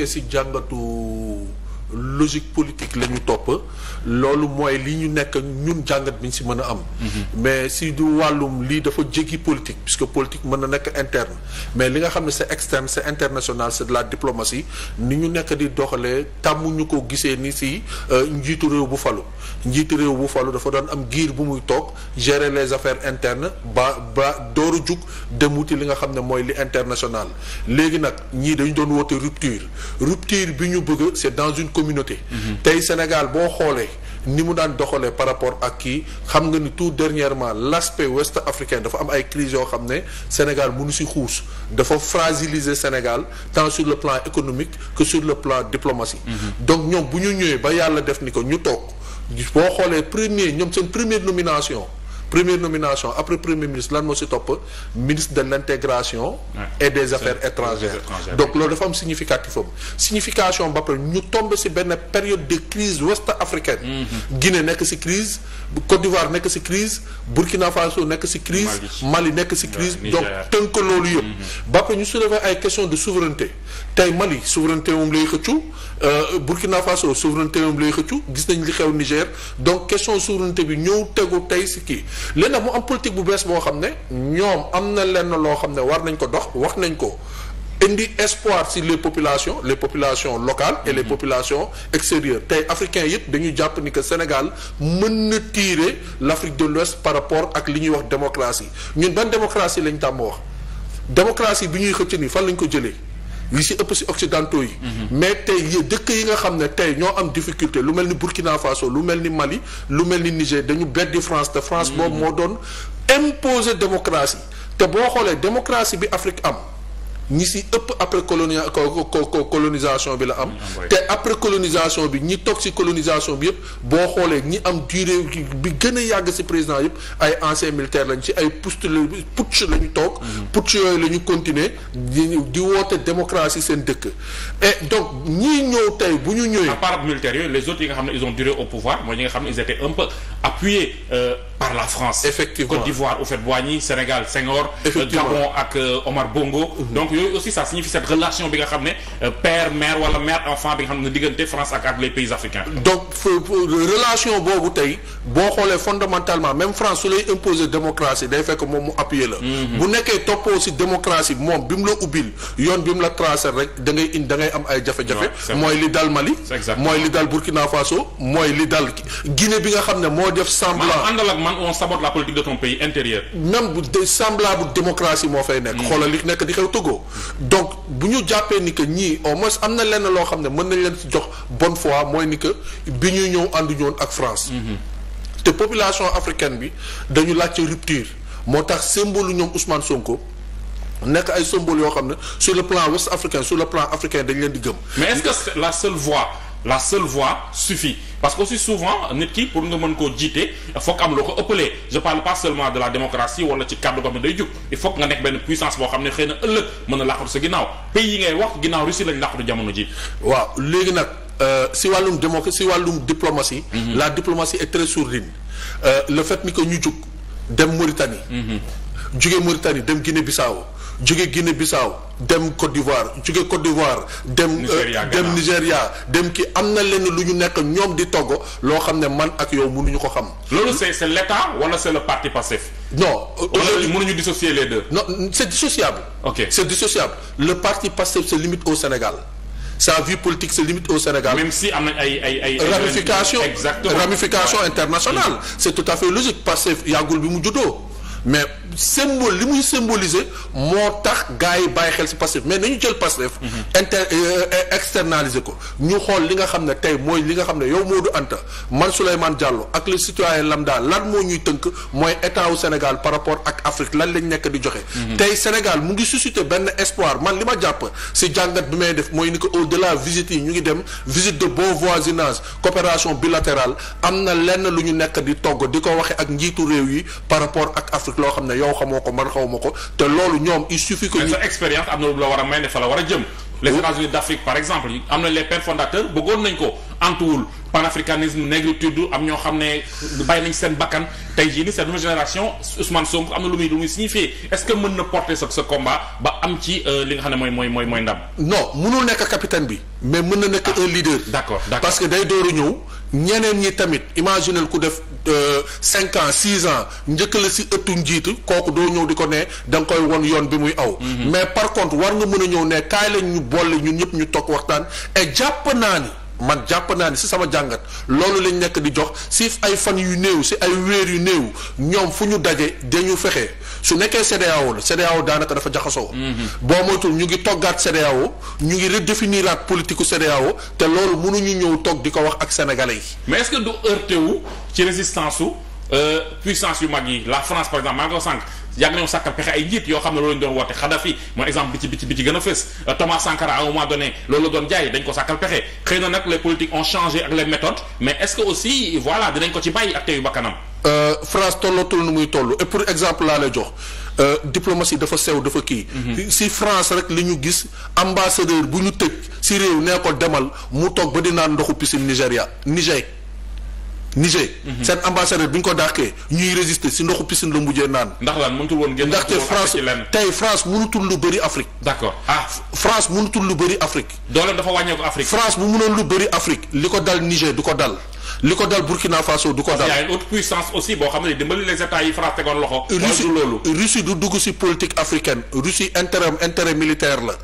nekkee si jàngatu logique politique la ñu topp loolu mooy li ñu nekk ñun jàngat bi ñu si mën a am. Mhm. mais si du wàllum lii dafa jéggi politique que politique mën na nekk interne mais li nga xam ne c'est externe c'est international c'est de la diplomatie ni ñu nekk di doxalee tàmm ñu ko gisee ni si euh, njiitu réew bu falu njiitu réew bu falu dafa doon am giir bu muy toog gere les affaires internes ba ba dooru jug dem wuti li nga xam ne mooy li international léegi nag ñii dañu doon woote communauté. tey Sénégal boo xoolee ni mu daan doxalee par rapport ak kii xam nga ni tout dernièrement l' aspect ouest africain dafa am ay crises yoo xam ne Sénégal mënu si xuus dafa fragiliser Sénégal tant sur le plan économique que sur le plan diplomatie. Mhm. donc ñoom bu ñu ñëwee ba yàlla def ni ko ñu toog boo xoolee premier ñoom seen première nomination. première nomination après premier ministre lan moo si topp ministre de l' intégration et des affaires étrangères donc loolu dafa am significatif am signification ba pare ñu tombe si benn période de crise ouest africaine mhm. Guinée nekk si crise Côte d'Ivoire nekk si crise Burkina Faso nekk si crise Mali nekk si crise donc tënk loolu yëpp mhm. ba pare ñu soulevé ay question de souveraineté tey Mali souveraineté moom lay xëccu euh, Burkina Faso souveraineté moom lay xëccu gis nañ li xew Niger donc question souveraineté bi ñëw tegu tey si kii léegi nag mu am politique bu bees boo xam ne ñoom am na lenn loo xam ne war nañ ko dox wax nañ ko indi espoir si les populations les populations locales et les mm-hmm. populations extérieures tey africains yëpp dañu jàpp ni que Sénégal mën na tirer l'Afrique de l'Ouest par rapport ak li ñuy wax démocratie ñun ban démocratie lañ tàmm wax démocratie bi ñuy xëcc ni fan lañ ko jëlee li si ëpp si occidentaux yi. mais tey yi dëkk yi nga xam ne tey ñoo am difficulté lu mel ni Burkina Faso lu mel ni Mali lu mel ni Niger dañu beddi France te France mm. boobu moo doon imposer démocratie te boo xoolee démocratie bi Afrique am. ñi si ëpp après colonia colonisation bi la am ah, te après colonisation bi ñi toog si colonisation bi yëpp boo xoolee ñi am durée bi gën a yàgg si président yëpp ay anciens militaires lañ ci ay putsch putsch la ñu toog mhm. putsch yooyu la ñu continuer di woote démocratie seen dëkk et donc ñii ñëw tey bu ñu ñëwee à part militaires yooyu les autres yi nga xam ne ils ont duré au pouvoir mooy ñi nga xam ne ils étaient un peu euh, par la France. effectivement Côte d'Ivoire Houphouët-Boigny Sénégal Senghor. Euh, effectivement ak euh, Omar Bongo. Mhm. donc yooyu aussi ça signifie cette relation bi nga xam ne euh, père mère wala mère enfant bi nga xam ne diggante France ak ak les pays africains. donc relation boobu tey boo xoolee fondamentalement même France su lay imposer démocratie day fekk moom mu appuyer la. Mhm. bu nekkee toppoo si démocratie moom bi mu la ubbil yoon bi mu la tracé rek da indi da am ay man on sabote la politique de ton pays intérieur. même bu de semblable démocratie moo fay nekk. Mm. xoolal nekk di xew Togo. donc bu ñu jàppee ni que ñii au moins am na lenn loo xam ne mën nañ leen si jox bonne fois mooy ni que bi ñuy ñëw ànduñu woon ak France. Mm-hmm. te population africaine bi dañu laajte rupture moo tax symbole ñoom Ousmane Sonko. nekk ay symbole yoo xam ne sur le plan ouest africain sur le plan africain dañ leen di gëm. mais est la seule voie. la seule voix suffit parce que aussi souvent nit ki pour nga mën koo jiitee foog am loo ko ëppalee je parle pas seulement de la démocratie wala ci kàddu goo xam ne day jug il faut nga nekk benn puissance boo xam ne xëy na ëllëg mën na làqatu sa ginnaaw pays yi ngay wax ginnaaw Russie lañ làqatu jamono ji. waaw léegi nag euh, si wàllum démocratie si wàllum diplomatie. Mhm. la diplomatie est très sourdine. Euh, le fait mi que ñu jug dem Mauritanie. Mhm. jóge Mauritanie dem Guinée Bissau jóge Guinée Bissau dem Côte d'Ivoire jóge Côte d'Ivoire dem euh, dem Nigéria dem ki am na leen lu ñu nekk ñoom di togg loo xam ne man ak yow ñu ko xam. loolu c'est c'est wala c'est le parti Pastef. non aujourd'hui mënuñu dissocier les deux. non c'est dissociable. ok c'est dissociable le parti Pastef se limite au Sénégal. sa vie politique se limite au Sénégal. même si am na ay ay ay. ramification exactement ramification internationale. Mm. c'est tout à fait logique Pastef yàggul mu juddoo. mais symbole li muy symboliser moo tax gars yi bàyyi xel si Pastef mais nañu jël Pastef mhm. inter euh, externaliser ko ñu xool li nga xam ne tey mooy li nga xam ne yow du Anta man Souleymane Diallo ak les citoyens lambda lan moo ñuy tënk mooy état wu Sénégal par rapport ak Afrique lan lañ nekk di joxe. Mhm. tey Sénégal mu ngi susciter benn espoir man li ma jàpp si jàngat bi may def mooy ni que au delà visite yi ñu ngi dem visite de bon voisinage coopération bilatérale am na lenn lu ñu nekk di togg di ko waxe ak réew yi par rapport ak Afrique. Afrique loo xam ne yow xamoo ko man xaw ko te loolu ñoom il suffit que. sa expérience am na lu la war a war a jëm. les États-Unis d'Afrique par exemple am na les pères bëggoon nañ ko antuwul panafricanisme négritude am ñoo xam ne bàyyi nañ seen bakkan tey jii ni cette nouvelle génération Ousmane Sonko am na lu muy lu muy signifié est-ce que mën na porter sa sa combat ba am ci euh, li nga xam ne mooy mooy mooy mooy ndam. non mënul nekk capitaine bi. mais mën na nekk un leader. d'accord d'accord Euh, cinq ans six ans njëkk la si ëttu njiitu kooku doo ñëw di ko ne da nga koy won yoon bi muy aw. Mhm. mais par contre war nga mën a ñëw ne kaay lañ ñu boole ñun ñëpp ñu toog waxtaan e jàpp naa ni. man jàpp naa ni si sama jàngat loolu lañ nekk di jox si ay fan yu néew si ay weer yu néew ñoom fu ñu daje dañu fexe su nekkee CEDEAO la CEDEAO daanaka dafa jaxasoo. boo moytul ñu ngi toggaat CEDEAO ñu ngi redéfiniraat politiku CEDEAO te loolu ñu ñëw toog di ko wax ak sénégalais yi. mais est-ce que du heurté wu ci résistance su euh, puissance yu mag yi la France par exemple maa ngi ko sànq yàgg nañu sàkkal pexe ay njiit yoo xam ne loolu lañu doon woote Kadhafi mooy exemple bi ci bi ci gën a fës euh, Thomas Sankara à un donné loolu la doon jaay dañ ko sàkkal pexe xëy na nag les politiques ont changé ak les aussi voilà dinañ ko ci bàyyi ak teyu Euh, France tollatul nu muy toll et pour exemple laa la jox euh, diplomatie dafa sew dafa kii. Mhm. si France rek li ñu gis ambassadeur bu ñu tëj si réew nee ko demal mu toog ba di naan ndoxu piscine Nigéria Niger. Niger. Mhm. seen ambassadeur bi ñu ko dàqee ñuy résister si ndoxu piscine la mujjee naan. ndax lan mënutul woon génn ndaxte France tey France mënutul lu bëri Afrique. d'accord ah. France mënutul lu bari Afrique. dooleem dafa wàññeeku Afrique. France bu mënoon lu bëri Afrique li ko dal Niger du ko dal. li ko dal Burkina Faso du ko dal. y a boo xam ne dimbali les états yi France Russie loolu Russie du dugg ci politique africaine Russie intérêt intérêt militaire la.